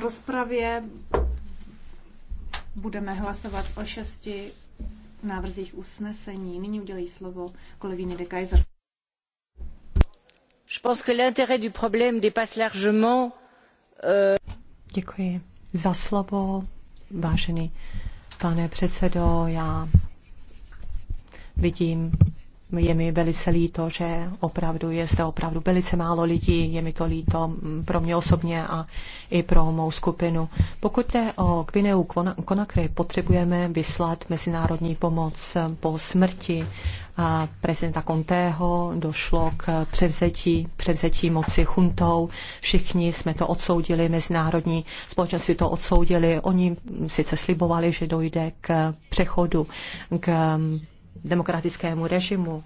rozpravě budeme hlasovat o šesti návrzích usnesení. Nyní udělí slovo kolegyně de Kaiser. Je pense que l'intérêt du problème dépasse largement. Euh, Děkuji za slovo, vážený pane předsedo. Já vidím je mi velice líto, že opravdu je zde opravdu velice málo lidí, je mi to líto mm, pro mě osobně a i pro mou skupinu. Pokud je o Gvineu Konakry, potřebujeme vyslat mezinárodní pomoc po smrti a prezidenta Kontého, došlo k převzetí, převzetí moci chuntou. Všichni jsme to odsoudili, mezinárodní společenství to odsoudili. Oni sice slibovali, že dojde k přechodu k demokratickému režimu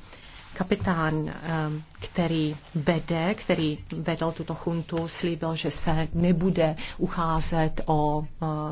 kapitán, ehm, který vede, který vedl tuto chuntu, slíbil, že se nebude ucházet o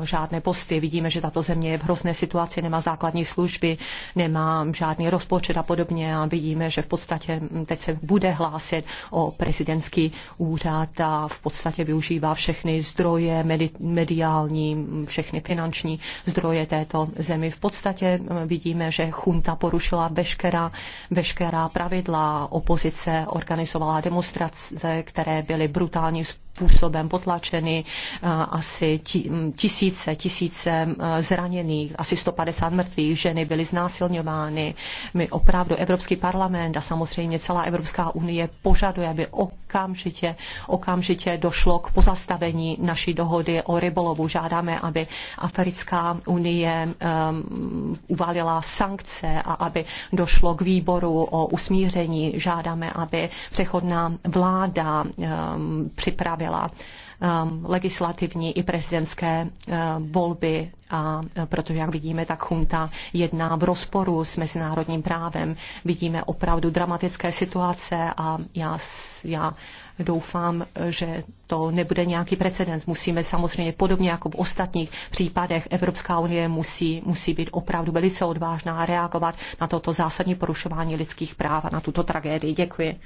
eh, žádné posty. Vidíme, že tato země je v hrozné situaci, nemá základní služby, nemá žádný rozpočet a podobně a vidíme, že v podstatě hm, teď se bude hlásit o prezidentský úřad a v podstatě využívá všechny zdroje medi- mediální, hm, všechny finanční zdroje této zemi. V podstatě hm, vidíme, že chunta porušila veškerá, veškerá pravidla. Opozice organizovala demonstrace, které byly brutálním způsobem způsobem potlačeny eh, asi mm, tisíce, tisíce eh, zraněných, asi 150 mrtvých, ženy byly znásilňovány. My opravdu Evropský parlament a samozřejmě celá Evropská unie požaduje, aby okamžitě, okamžitě došlo k pozastavení naší dohody o rybolovu. Žádáme, aby Africká unie um, uvalila sankce a aby došlo k výboru o usmíření. Žádáme, aby přechodná vláda um, připravila připravila um, legislativní i prezidentské uh, volby a uh, protože, jak vidíme, tak chunta jedná v rozporu s mezinárodním právem. Vidíme opravdu dramatické situace a já, já Doufám, že to nebude nějaký precedens. Musíme samozřejmě podobně jako v ostatních případech Evropská unie musí, musí být opravdu velice odvážná a reagovat na toto zásadní porušování lidských práv a na tuto tragédii. Děkuji.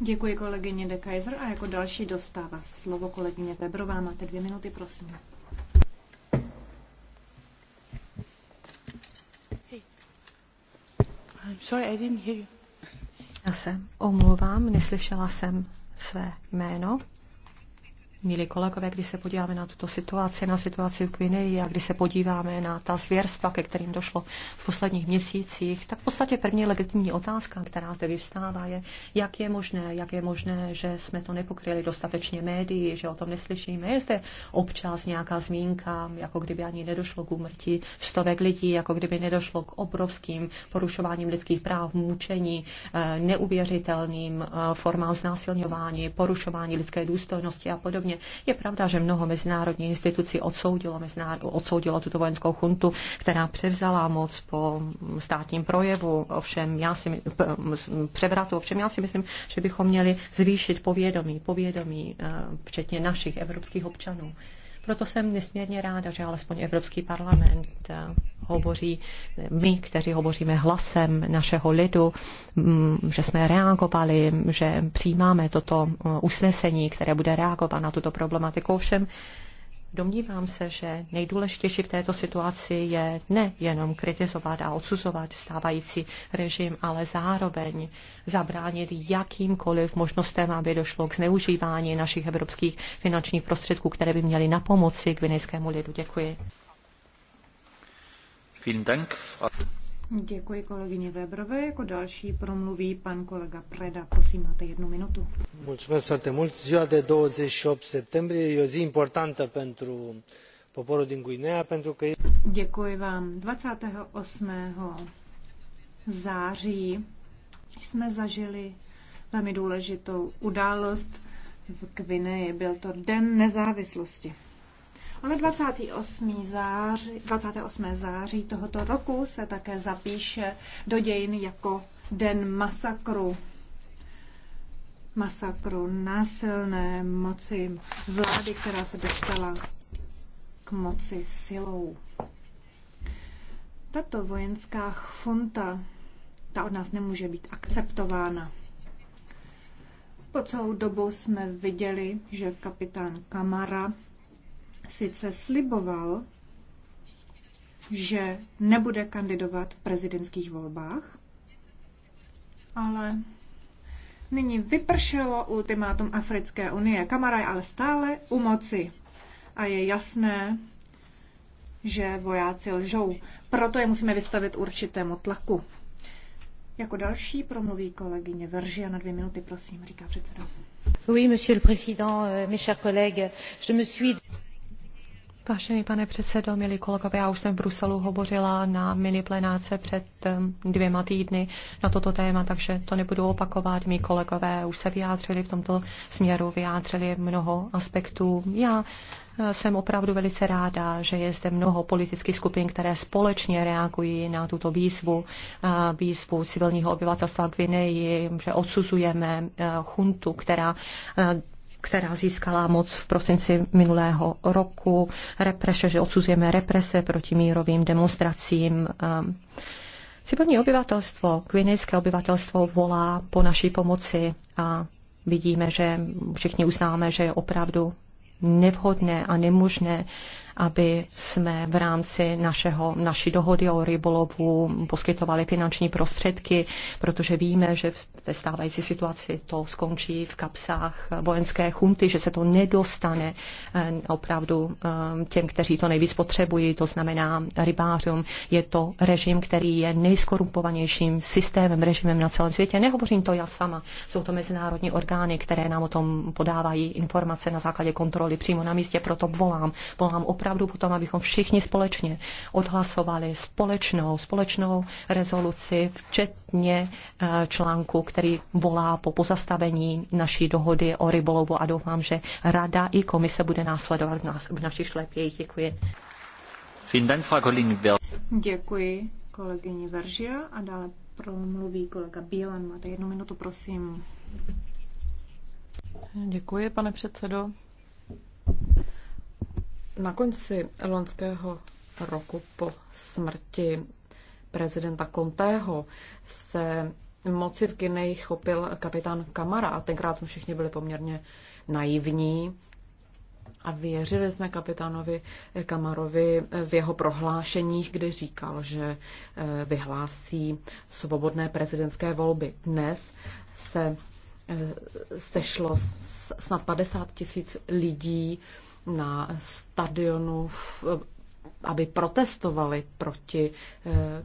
Děkuji kolegyně de Kaiser a jako další dostává slovo kolegyně Webrová. Máte dvě minuty, prosím. Já se omlouvám, neslyšela jsem své jméno. Milí kolegové, když se podíváme na tuto situaci, na situaci v Gvineji a když se podíváme na ta zvěrstva, ke kterým došlo v posledních měsících, tak v podstatě první legitimní otázka, která zde vyvstává, je, jak je možné, jak je možné, že jsme to nepokryli dostatečně médií, že o tom neslyšíme. Je zde občas nějaká zmínka, jako kdyby ani nedošlo k úmrtí stovek lidí, jako kdyby nedošlo k obrovským porušováním lidských práv, mučení, eh, neuvěřitelným eh, formám znásilňování, porušování lidské důstojnosti a podobně podobně. Je pravda, že mnoho mezinárodních institucí odsoudilo, mezináro, odsoudilo tuto vojenskou chuntu, která převzala moc po státním projevu, ovšem já si, převratu, ovšem já si myslím, že bychom měli zvýšit povědomí, povědomí eh, včetně našich evropských občanů. Proto jsem nesmírně ráda, že alespoň Evropský parlament eh, hovoří, my, kteří hovoříme hlasem našeho lidu, mm, že jsme reagovali, že přijímáme toto eh, usnesení, které bude reagovat na tuto problematiku. Ovšem Domnívám se, že nejdůležitější v této situaci je nejenom kritizovat a odsuzovat stávající režim, ale zároveň zabránit jakýmkoliv možnostem, aby došlo k zneužívání našich evropských finančních prostředků, které by měly na pomoci vinejskému lidu. Děkuji. Děkuji kolegyně Webrové, Jako další promluví pan kolega Preda. Prosím, máte jednu minutu. Mulțumesc foarte mult. Ziua de 28 septembrie je o zi importantă pentru poporul din Guinea, pentru că... E- Děkuji vám. 28. září jsme zažili velmi důležitou událost v Gvineji. Byl to Den nezávislosti. Ale 28. Září, 28. září tohoto roku se také zapíše do dějin jako den masakru. Masakru násilné moci vlády, která se dostala k moci silou. Tato vojenská funta, ta od nás nemůže být akceptována. Po celou dobu jsme viděli, že kapitán Kamara sice sliboval, že nebude kandidovat v prezidentských volbách, ale nyní vypršelo ultimátum Africké unie. Kamara je ale stále u moci a je jasné, že vojáci lžou. Proto je musíme vystavit určitému tlaku. Jako další promluví kolegyně Veržia na dvě minuty, prosím, říká předseda. Oui, monsieur le président, euh, mes chers collègues, je me suis... Vážený pane předsedo, milí kolegové, já už jsem v Bruselu hovořila na mini plenáce před um, dvěma týdny na toto téma, takže to nebudu opakovat. Mí kolegové už se vyjádřili v tomto směru, vyjádřili mnoho aspektů. Já uh, jsem opravdu velice ráda, že je zde mnoho politických skupin, které společně reagují na tuto výzvu, uh, výzvu civilního obyvatelstva Gvineji, že odsuzujeme uh, chuntu, která která získala moc v prosinci minulého roku, represe, že odsuzujeme represe proti mírovým demonstracím. Ehm, civilní obyvatelstvo, kvinejské obyvatelstvo volá po naší pomoci a vidíme, že všichni uznáme, že je opravdu nevhodné a nemožné aby jsme v rámci našeho, naší dohody o rybolovu poskytovali finanční prostředky, protože víme, že ve stávající situaci to skončí v kapsách vojenské chunty, že se to nedostane eh, opravdu eh, těm, kteří to nejvíc potřebují, to znamená rybářům. Je to režim, který je nejskorumpovanějším systémem, režimem na celém světě. Nehovořím to já sama, jsou to mezinárodní orgány, které nám o tom podávají informace na základě kontroly přímo na místě, proto volám, volám opravdu opravdu potom, abychom všichni společně odhlasovali společnou, společnou rezoluci, včetně eh, článku, který volá po pozastavení naší dohody o rybolovu a doufám, že rada i komise bude následovat v, nás, v našich šlepějích. Děkuji. Děkuji kolegyni Veržia a dále promluví kolega Bílan. Máte jednu minutu, prosím. Děkuji, pane předsedo. Na konci loňského roku po smrti prezidenta Contého se moci v Gineji chopil kapitán Kamara a tenkrát jsme všichni byli poměrně naivní a věřili jsme kapitánovi Kamarovi v jeho prohlášeních, kdy říkal, že eh, vyhlásí svobodné prezidentské volby. Dnes se eh, sešlo snad 50 tisíc lidí na stadionu, aby protestovali proti eh,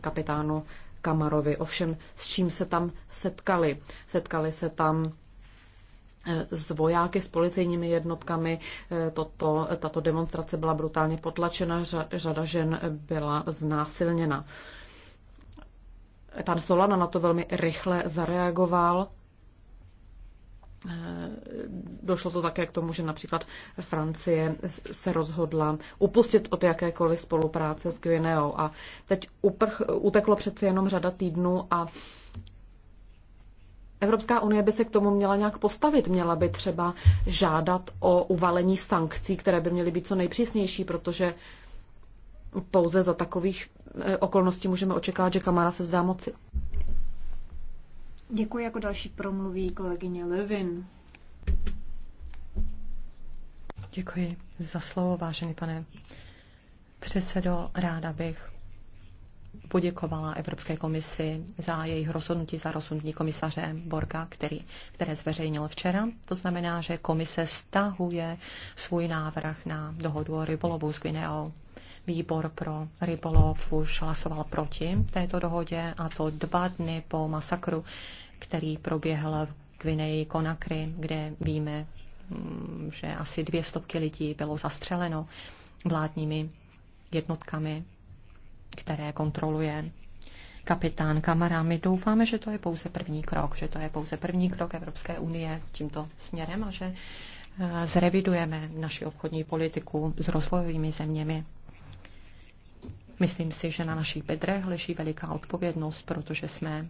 kapitánu Kamarovi. Ovšem, s čím se tam setkali? Setkali se tam eh, s vojáky, s policejními jednotkami. Eh, toto, tato demonstrace byla brutálně potlačena, řada žen byla znásilněna. Pan Solana na to velmi rychle zareagoval Eh, došlo to také k tomu, že například Francie se rozhodla upustit od jakékoliv spolupráce s Guineou a teď uprch, uteklo přece jenom řada týdnů a Evropská unie by se k tomu měla nějak postavit. Měla by třeba žádat o uvalení sankcí, které by měly být co nejpřísnější, protože pouze za takových eh, okolností můžeme očekávat, že Kamara se vzdá moci. Děkuji jako další promluví kolegyně Levin. Děkuji za slovo, vážený pane předsedo. Ráda bych poděkovala Evropské komisi za jejich rozhodnutí, za rozhodnutí komisaře Borga, který, které zveřejnil včera. To znamená, že komise stahuje svůj návrh na dohodu o rybolovu s Guineou. Výbor pro rybolov už hlasoval proti této dohodě a to dva dny po masakru, který proběhl v Gvineji Konakry, kde víme, mm, že asi dvě stovky lidí bylo zastřeleno vládními jednotkami, které kontroluje kapitán Kamara. My doufáme, že to je pouze první krok, že to je pouze první krok Evropské unie tímto směrem a že eh, zrevidujeme naši obchodní politiku s rozvojovými zeměmi. Myslím si, že na našich bedrech leží veliká odpovědnost, protože jsme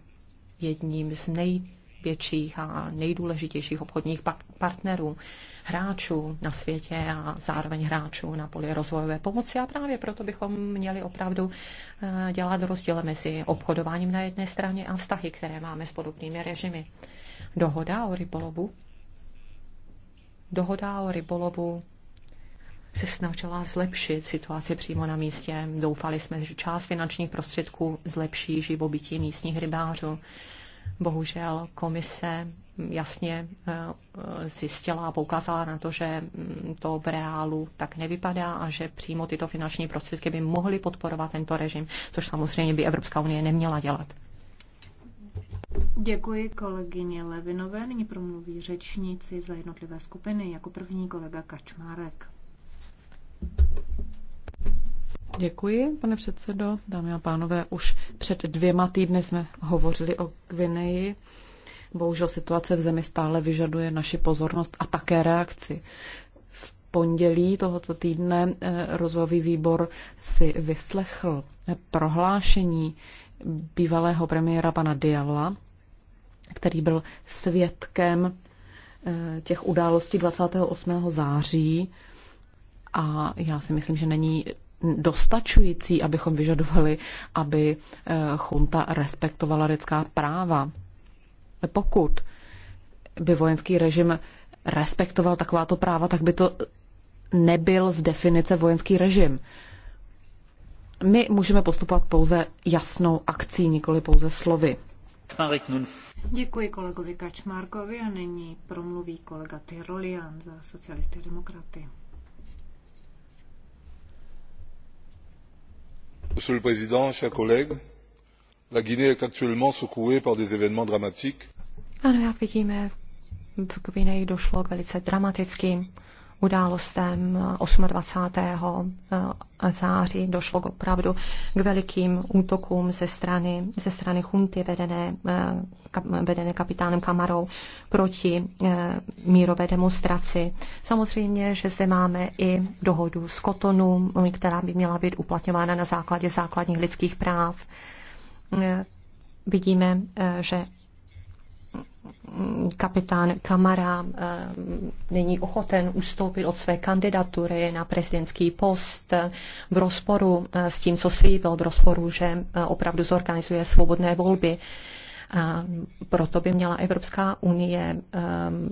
jedním z největších a nejdůležitějších obchodních partnerů, hráčů na světě a zároveň hráčů na poli rozvojové pomoci. A právě proto bychom měli opravdu eh, dělat rozdíl mezi obchodováním na jedné straně a vztahy, které máme s podobnými režimy. Dohoda o rybolovu. Dohoda o rybolovu se snažila zlepšit situaci přímo na místě. Doufali jsme, že část finančních prostředků zlepší živobytí místních rybářů. Bohužel komise jasně e, e, zjistila a poukázala na to, že mm, to v reálu tak nevypadá a že přímo tyto finanční prostředky by mohly podporovat tento režim, což samozřejmě by Evropská unie neměla dělat. Děkuji kolegyně Levinové. Nyní promluví řečníci za jednotlivé skupiny. Jako první kolega Kačmárek. Děkuji, pane předsedo. Dámy a pánové, už před dvěma týdny jsme hovořili o Gvineji. Bohužel situace v zemi stále vyžaduje naši pozornost a také reakci. V pondělí tohoto týdne eh, rozvojový výbor si vyslechl eh, prohlášení bývalého premiéra pana Diala, který byl svědkem eh, těch událostí 28. září a já si myslím, že není dostačující, abychom vyžadovali, aby eh, chunta respektovala lidská práva. Pokud by vojenský režim respektoval takováto práva, tak by to nebyl z definice vojenský režim. My můžeme postupovat pouze jasnou akcí, nikoli pouze slovy. Děkuji kolegovi Kačmárkovi a nyní promluví kolega Tyrolian za socialisty demokraty. monsieur le président chers collègues la guinée est actuellement secouée par des événements dramatiques událostem 28. Eh, eh, září došlo k opravdu k velikým útokům ze strany, ze strany chunty vedené, eh, vedené kapitánem Kamarou proti mírové demonstraci. Samozřejmě, že zde máme i dohodu s Kotonu, která by měla být uplatňována na základě základních lidských práv. Vidíme, že kapitán Kamara eh, není ochoten ustoupit od své kandidatury na prezidentský post v rozporu eh, s tím, co slíbil, v rozporu, že eh, opravdu zorganizuje svobodné volby proto by měla Evropská unie eh,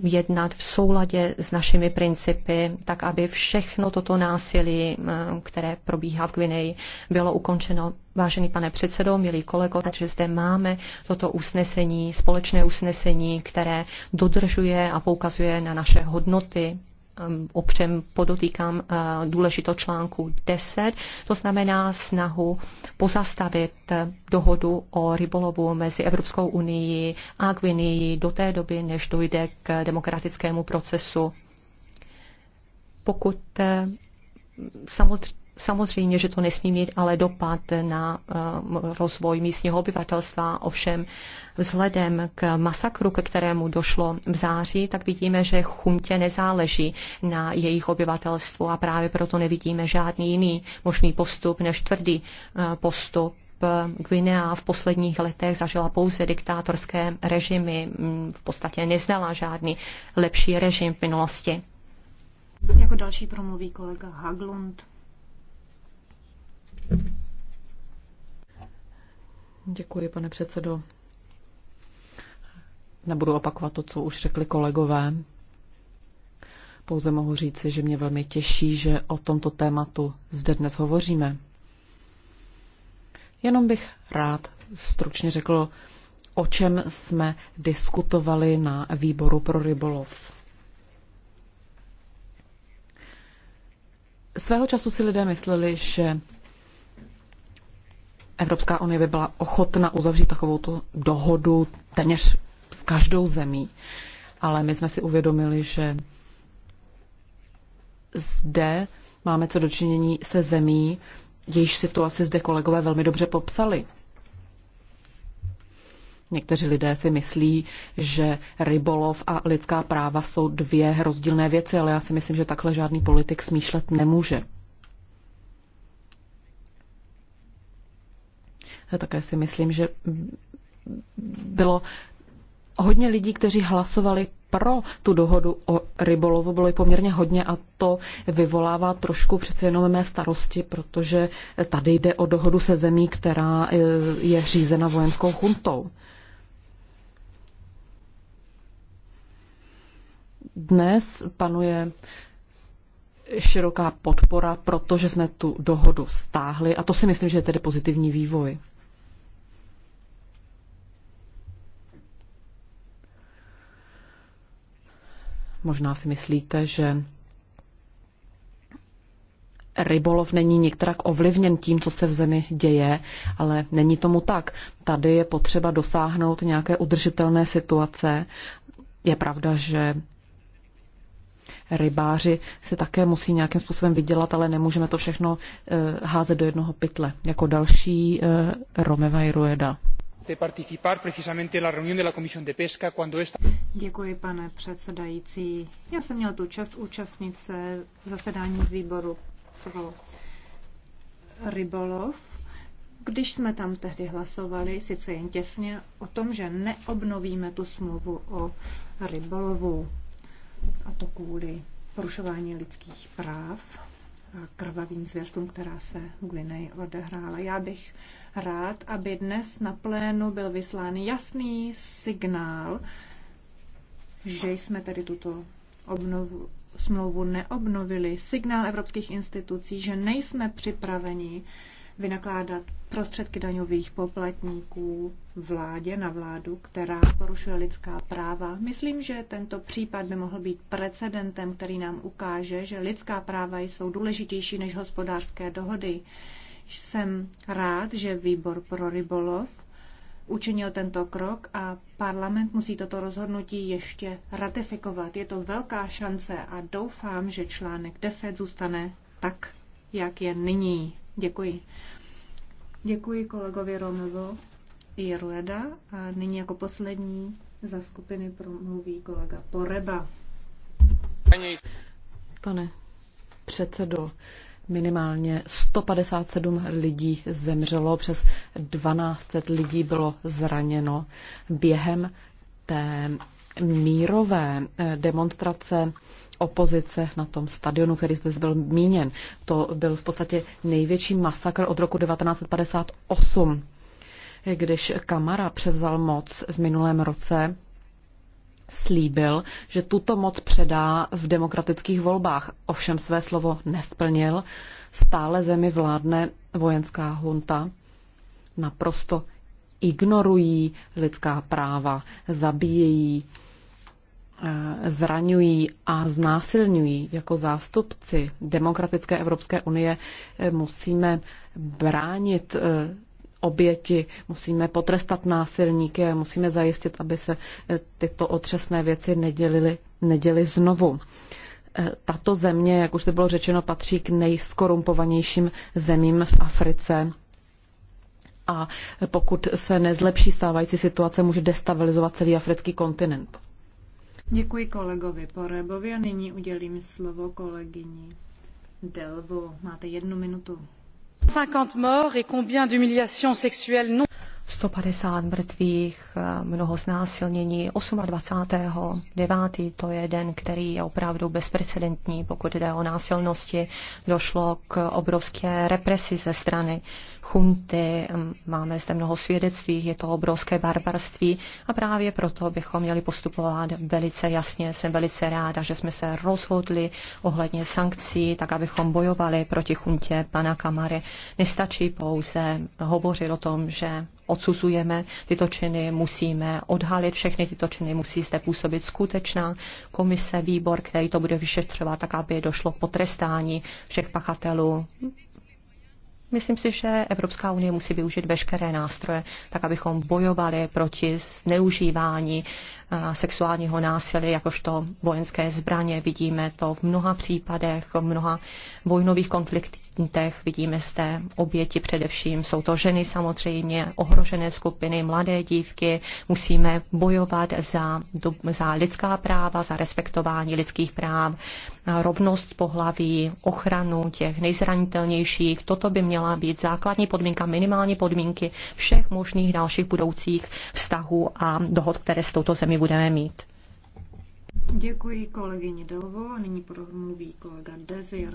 jednat v souladě s našimi principy, tak aby všechno toto násilí, eh, které probíhá v Gvineji, bylo ukončeno. Vážený pane předsedo, milí kolego, takže zde máme toto usnesení, společné usnesení, které dodržuje a poukazuje na naše hodnoty, Ehm, opřem podotýkám eh, důležitou článku 10, to znamená snahu pozastavit eh, dohodu o rybolovu mezi Evropskou unii a Gvinii do té doby, než dojde k demokratickému procesu. Pokud eh, samozřejmě Samozřejmě, že to nesmí mít ale dopad na eh, rozvoj místního obyvatelstva, ovšem vzhledem k masakru, ke kterému došlo v září, tak vidíme, že chuntě nezáleží na jejich obyvatelstvu a právě proto nevidíme žádný jiný možný postup než tvrdý eh, postup eh, Guinea v posledních letech zažila pouze diktátorské režimy, hm, v podstatě neznala žádný lepší režim v minulosti. Jako další promluví kolega Haglund. Děkuji, pane předsedo. Nebudu opakovat to, co už řekli kolegové. Pouze mohu říci, že mě velmi těší, že o tomto tématu zde dnes hovoříme. Jenom bych rád stručně řekl, o čem jsme diskutovali na výboru pro rybolov. Svého času si lidé mysleli, že Evropská unie by byla ochotna uzavřít takovou dohodu téměř s každou zemí. Ale my jsme si uvědomili, že zde máme co dočinění se zemí, jejíž situaci zde kolegové velmi dobře popsali. Někteří lidé si myslí, že rybolov a lidská práva jsou dvě rozdílné věci, ale já si myslím, že takhle žádný politik smýšlet nemůže. Také si myslím, že bylo hodně lidí, kteří hlasovali pro tu dohodu o rybolovu, bylo i poměrně hodně a to vyvolává trošku přece jenom mé starosti, protože tady jde o dohodu se zemí, která e, je řízena vojenskou chuntou. Dnes panuje široká podpora, protože jsme tu dohodu stáhli a to si myslím, že je tedy pozitivní vývoj. Možná si myslíte, že rybolov není některak ovlivněn tím, co se v zemi děje, ale není tomu tak. Tady je potřeba dosáhnout nějaké udržitelné situace. Je pravda, že rybáři se také musí nějakým způsobem vydělat, ale nemůžeme to všechno eh, házet do jednoho pytle. Jako další eh, Romeva Rueda de participar precisamente en la reunión de la Comisión de Pesca cuando esta... Děkuji, pane předsedající. Já jsem měl tu čest účastnit se zasedání výboru pro rybolov když jsme tam tehdy hlasovali, sice jen těsně, o tom, že neobnovíme tu smlouvu o rybolovu, a to kvůli porušování lidských práv krvavým zvěstům, která se v Gvineji odehrála. Já bych rád, aby dnes na plénu byl vyslán jasný signál, že jsme tady tuto obnovu, smlouvu neobnovili. Signál evropských institucí, že nejsme připraveni vynakládat prostředky daňových poplatníků vládě na vládu, která porušuje lidská práva. Myslím, že tento případ by mohl být precedentem, který nám ukáže, že lidská práva jsou důležitější než hospodářské dohody. Jsem rád, že výbor pro rybolov učinil tento krok a parlament musí toto rozhodnutí ještě ratifikovat. Je to velká šance a doufám, že článek 10 zůstane tak, jak je nyní. Děkuji. Děkuji kolegovi Romovo i Rueda a nyní jako poslední za skupiny promluví kolega Poreba. Pane předsedo, minimálně 157 lidí zemřelo, přes 1200 lidí bylo zraněno během té mírové eh, demonstrace opozice na tom stadionu, který zde byl míněn. To byl v podstatě největší masakr od roku 1958, když Kamara převzal moc v minulém roce slíbil, že tuto moc předá v demokratických volbách. Ovšem své slovo nesplnil. Stále zemi vládne vojenská hunta. Naprosto ignorují lidská práva, zabíjejí, Eh, zraňují a znásilňují jako zástupci Demokratické Evropské unie, eh, musíme bránit eh, oběti, musíme potrestat násilníky a musíme zajistit, aby se tyto otřesné věci nedělily, neděly znovu. Tato země, jak už to bylo řečeno, patří k nejskorumpovanějším zemím v Africe a pokud se nezlepší stávající situace, může destabilizovat celý africký kontinent. Děkuji kolegovi Porebovi a nyní udělím slovo kolegyni Delvo. Máte jednu minutu. 50 morts et combien d'humiliations sexuelles non 150 mrtvých, eh, mnoho znásilnění. 28.9. to je den, který je opravdu bezprecedentní, pokud jde o násilnosti. Došlo k obrovské represi ze strany chunty, máme zde mnoho svědectví, je to obrovské barbarství a právě proto bychom měli postupovat velice jasně. Jsem velice ráda, že jsme se rozhodli ohledně sankcí, tak abychom bojovali proti chuntě pana Kamary. Nestačí pouze hovořit o tom, že odsuzujeme tyto činy, musíme odhalit všechny tyto činy, musí zde působit skutečná komise, výbor, který to bude vyšetřovat, tak aby došlo k potrestání všech pachatelů. Myslím si, že Evropská unie musí využít veškeré nástroje, tak abychom bojovali proti zneužívání sexuálního násilí, jakožto vojenské zbraně. Vidíme to v mnoha případech, v mnoha vojnových konfliktech. Vidíme zde oběti především. Jsou to ženy samozřejmě, ohrožené skupiny, mladé dívky. Musíme bojovat za, za lidská práva, za respektování lidských práv, rovnost pohlaví, ochranu těch nejzranitelnějších. Toto by měla být základní podmínka, minimální podmínky všech možných dalších budoucích vztahů a dohod, které s touto zemí budeme mít. Děkuji kolegyni Delvo a nyní promluví kolega Dezir.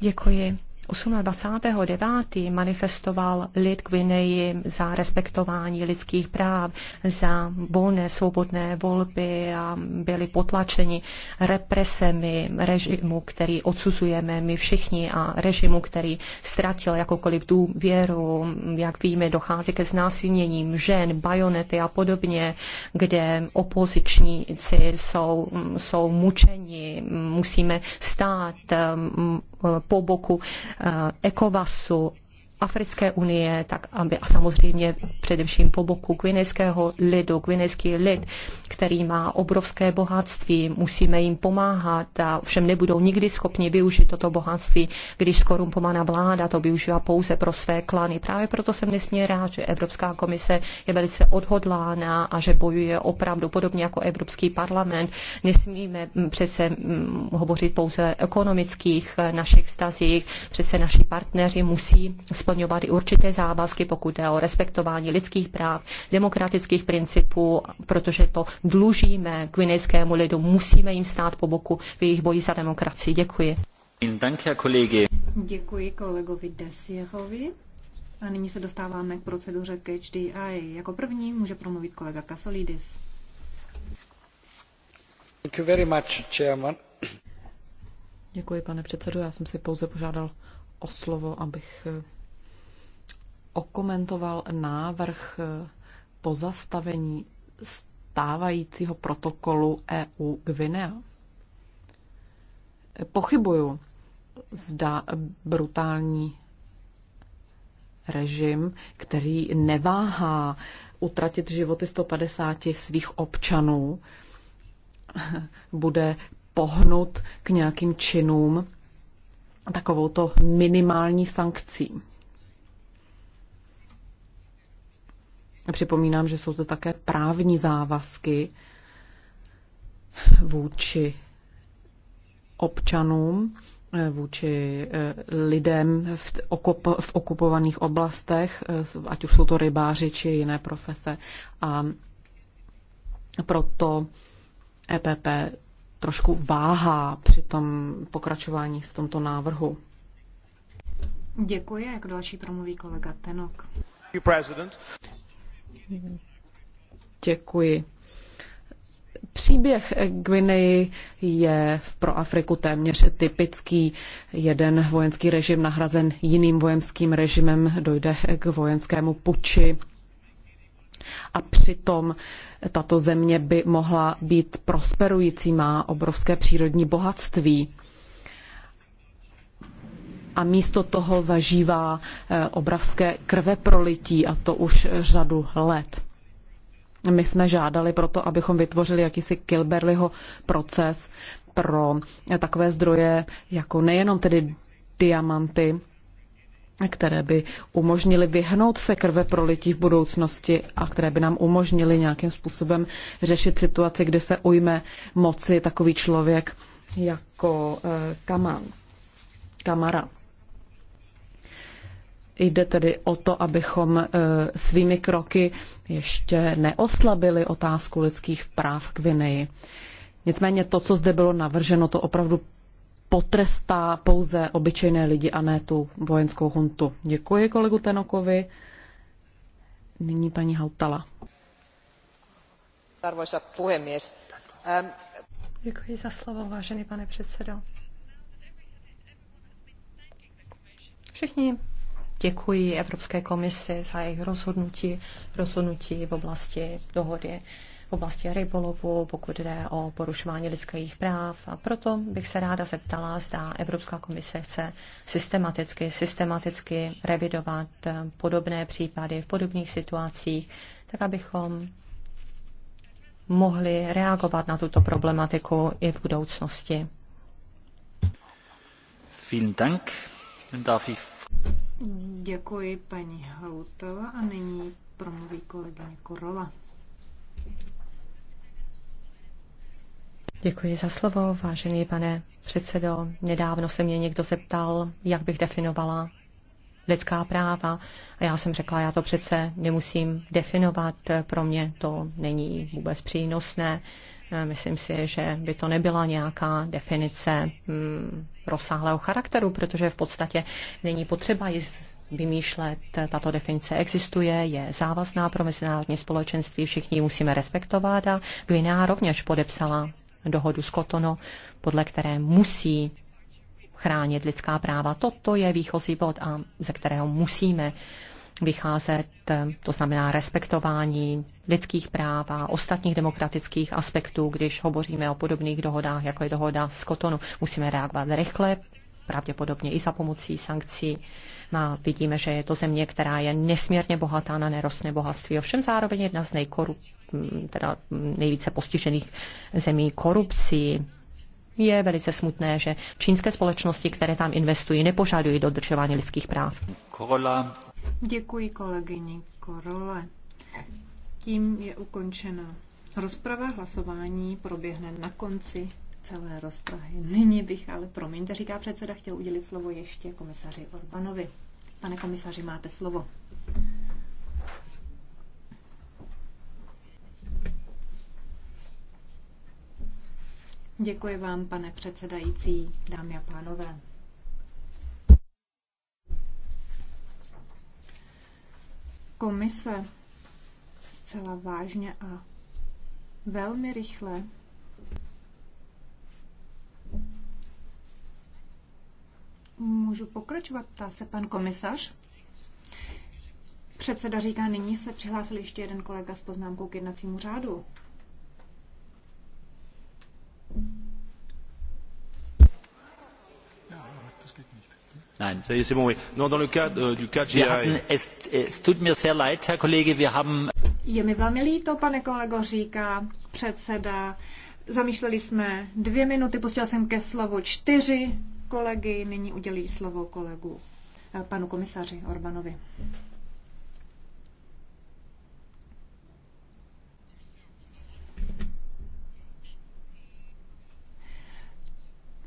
Děkuji. 28.9. manifestoval lid Gvineji za respektování lidských práv, za volné svobodné volby a byli potlačeni represemi režimu, který odsuzujeme my všichni a režimu, který ztratil jakoukoliv důvěru. Jak víme, dochází ke znásilněním žen, bajonety a podobně, kde opozičníci jsou, jsou mučeni, musíme stát mm, po boku Eh, ECOWASu, Africké unie, tak aby a samozřejmě především po boku guinejského lidu, guinejský lid který má obrovské bohatství, musíme jim pomáhat a všem nebudou nikdy schopni využít toto bohatství, když skorumpovaná vláda to využívá pouze pro své klany. Právě proto jsem nesmírně rád, že Evropská komise je velice odhodlána a že bojuje opravdu podobně jako Evropský parlament. Nesmíme přece mm, hovořit pouze o ekonomických eh, našich vztazích, přece naši partneři musí splňovat i určité závazky, pokud jde o respektování lidských práv, demokratických principů, protože to dlužíme guinejskému lidu, musíme jim stát po boku v jejich boji za demokracii. Děkuji. Děkuji kolegovi Desierovi. A nyní se dostáváme k proceduře KHDI. Jako první může promluvit kolega Kasolidis. Thank you very much, chairman. Děkuji, pane předsedo. Já jsem si pouze požádal o slovo, abych eh, okomentoval návrh eh, pozastavení stávajícího protokolu EU Gvinea. Pochybuju, zda brutální režim, který neváhá utratit životy 150 svých občanů, bude pohnut k nějakým činům takovouto minimální sankcí. Připomínám, že jsou to také právní závazky vůči občanům, eh, vůči eh, lidem v, okup, v okupovaných oblastech, eh, ať už jsou to rybáři či jiné profese. A proto EPP trošku váhá při tom pokračování v tomto návrhu. Děkuji. Jako další promluví kolega Tenok. Děkuji. Příběh Gvineji je pro Afriku téměř typický. Jeden vojenský režim nahrazen jiným vojenským režimem, dojde k vojenskému puči. A přitom tato země by mohla být prosperující, má obrovské přírodní bohatství a místo toho zažívá eh, obravské krveprolití a to už řadu let. My jsme žádali proto, abychom vytvořili jakýsi Kilberlyho proces pro eh, takové zdroje, jako nejenom tedy diamanty, které by umožnily vyhnout se krve prolití v budoucnosti a které by nám umožnily nějakým způsobem řešit situaci, kdy se ujme moci takový člověk jako eh, Kaman, Kamara. Jde tedy o to, abychom e, svými kroky ještě neoslabili otázku lidských práv k Gvineji. Nicméně to, co zde bylo navrženo, to opravdu potrestá pouze obyčejné lidi a ne tu vojenskou huntu. Děkuji kolegu Tenokovi. Nyní paní Hautala. Arvoisa puhemies. Ähm, Děkuji za slovo, vážený pane předsedo. Všichni děkuji Evropské komisi za jejich rozhodnutí, rozhodnutí v oblasti dohody v oblasti rybolovu, pokud jde o porušování lidských práv. A proto bych se ráda zeptala, zda Evropská komise chce systematicky, systematicky revidovat podobné případy v podobných situacích, tak abychom mohli reagovat na tuto problematiku i v budoucnosti. Vielen Dank. Darf ich... Děkuji paní Hautala a nyní promluví kolegyně Korola. Děkuji za slovo, vážený pane předsedo. Nedávno se mě někdo zeptal, jak bych definovala lidská práva. A já jsem řekla, já to přece nemusím definovat, pro mě to není vůbec přínosné. Myslím si, že by to nebyla nějaká definice mm, rozsáhlého charakteru, protože v podstatě není potřeba ji vymýšlet. Tato definice existuje, je závazná pro mezinárodní společenství, všichni ji musíme respektovat a Gviná rovněž podepsala dohodu z Kotono, podle které musí chránit lidská práva. Toto je výchozí bod, a ze kterého musíme vycházet, to znamená respektování lidských práv a ostatních demokratických aspektů, když hovoříme o podobných dohodách, jako je dohoda z Kotonu. Musíme reagovat rychle, pravděpodobně i za pomocí sankcí. A vidíme, že je to země, která je nesmírně bohatá na nerostné bohatství, ovšem zároveň jedna z nejkorup, teda nejvíce postižených zemí korupcí, je velice smutné, že čínské společnosti, které tam investují, nepožadují dodržování lidských práv. Korola. Děkuji kolegyni Korole. Tím je ukončena rozprava. Hlasování proběhne na konci celé rozprahy. Nyní bych ale, promiňte, říká předseda, chtěl udělit slovo ještě komisaři Orbanovi. Pane komisaři, máte slovo. Děkuji vám, pane předsedající, dámy a pánové. Komise zcela vážně a velmi rychle Můžu pokračovat, ptá se pan komisař. Předseda říká, nyní se přihlásil ještě jeden kolega s poznámkou k jednacímu řádu. Euh, Je mi velmi líto, pane kolego, říká předseda. Zamýšleli jsme dvě minuty, pustila jsem ke slovu čtyři kolegy, nyní udělí slovo kolegu eh, panu komisaři Orbanovi.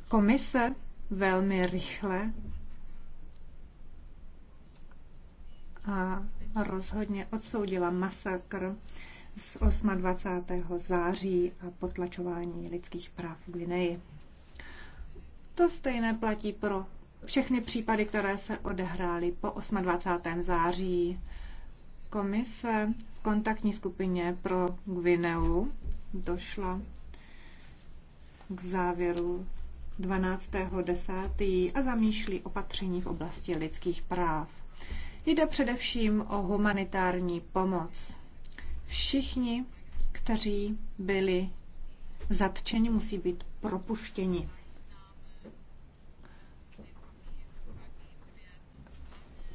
Komise velmi rychle a rozhodně odsoudila masakr z 28. září a potlačování lidských práv v Gvineji. To stejné platí pro všechny případy, které se odehrály po 28. září. Komise v kontaktní skupině pro Gvineu došla k závěru 12.10. a zamýšlí opatření v oblasti lidských práv. Jde především o humanitární pomoc. Všichni, kteří byli zatčeni, musí být propuštěni.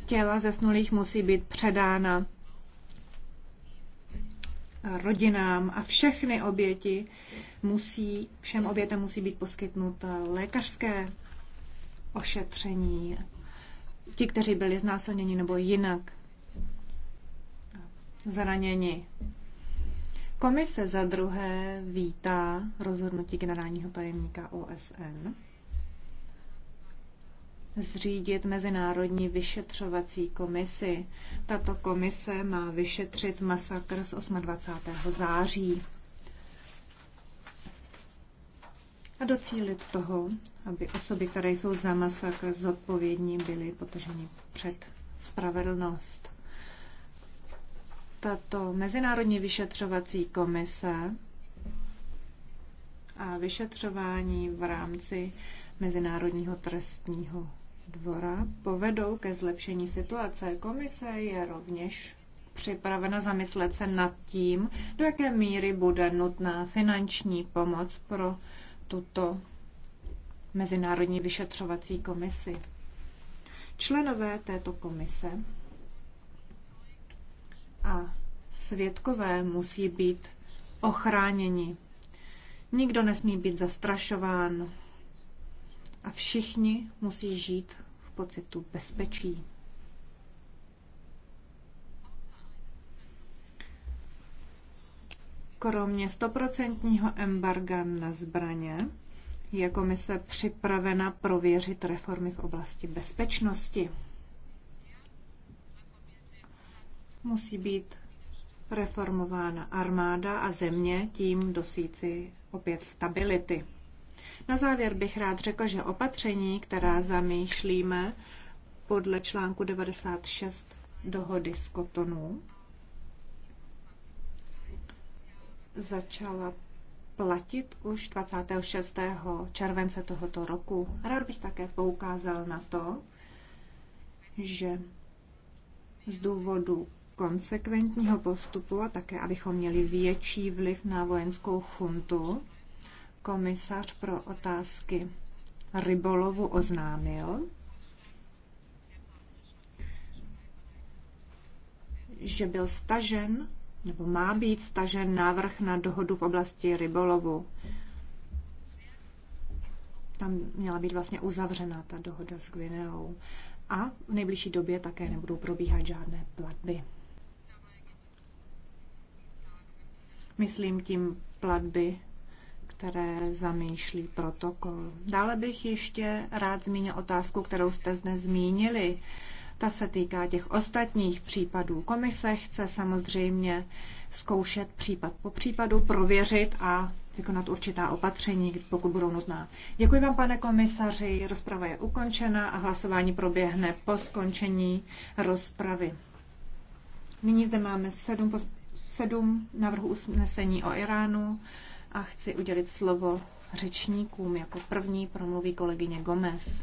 Těla zesnulých musí být předána rodinám a všechny oběti musí, všem obětem musí být poskytnuto lékařské ošetření, ti, kteří byli znásilněni nebo jinak zraněni. Komise za druhé vítá rozhodnutí generálního tajemníka OSN zřídit mezinárodní vyšetřovací komisi. Tato komise má vyšetřit masakr z 28. září. a docílit toho, aby osoby, které jsou za masakr zodpovědní, byly potaženy před spravedlnost. Tato mezinárodní vyšetřovací komise a vyšetřování v rámci Mezinárodního trestního dvora povedou ke zlepšení situace. Komise je rovněž připravena zamyslet se nad tím, do jaké míry bude nutná finanční pomoc pro tuto Mezinárodní vyšetřovací komisi. Členové této komise a svědkové musí být ochráněni. Nikdo nesmí být zastrašován a všichni musí žít v pocitu bezpečí. Kromě stoprocentního embarga na zbraně je komise připravena prověřit reformy v oblasti bezpečnosti. Musí být reformována armáda a země, tím dosíci opět stability. Na závěr bych rád řekl, že opatření, která zamýšlíme podle článku 96 dohody z Kotonu, začala platit už 26. července tohoto roku. Rád bych také poukázal na to, že z důvodu konsekventního postupu a také, abychom měli větší vliv na vojenskou chuntu, komisař pro otázky rybolovu oznámil, že byl stažen nebo má být stažen návrh na dohodu v oblasti rybolovu. Tam měla být vlastně uzavřena ta dohoda s Gvineou. A v nejbližší době také nebudou probíhat žádné platby. Myslím tím platby, které zamýšlí protokol. Dále bych ještě rád zmínil otázku, kterou jste zde zmínili. Uh, ta se týká těch ostatních případů. Komise chce samozřejmě zkoušet případ po případu, prověřit a vykonat určitá opatření, pokud budou nutná. Děkuji vám, pane komisaři. Rozprava je ukončena a hlasování proběhne po skončení rozpravy. Nyní zde máme sedm, sedm návrhů usnesení o Iránu a chci udělit slovo řečníkům. Jako první promluví kolegyně Gomez.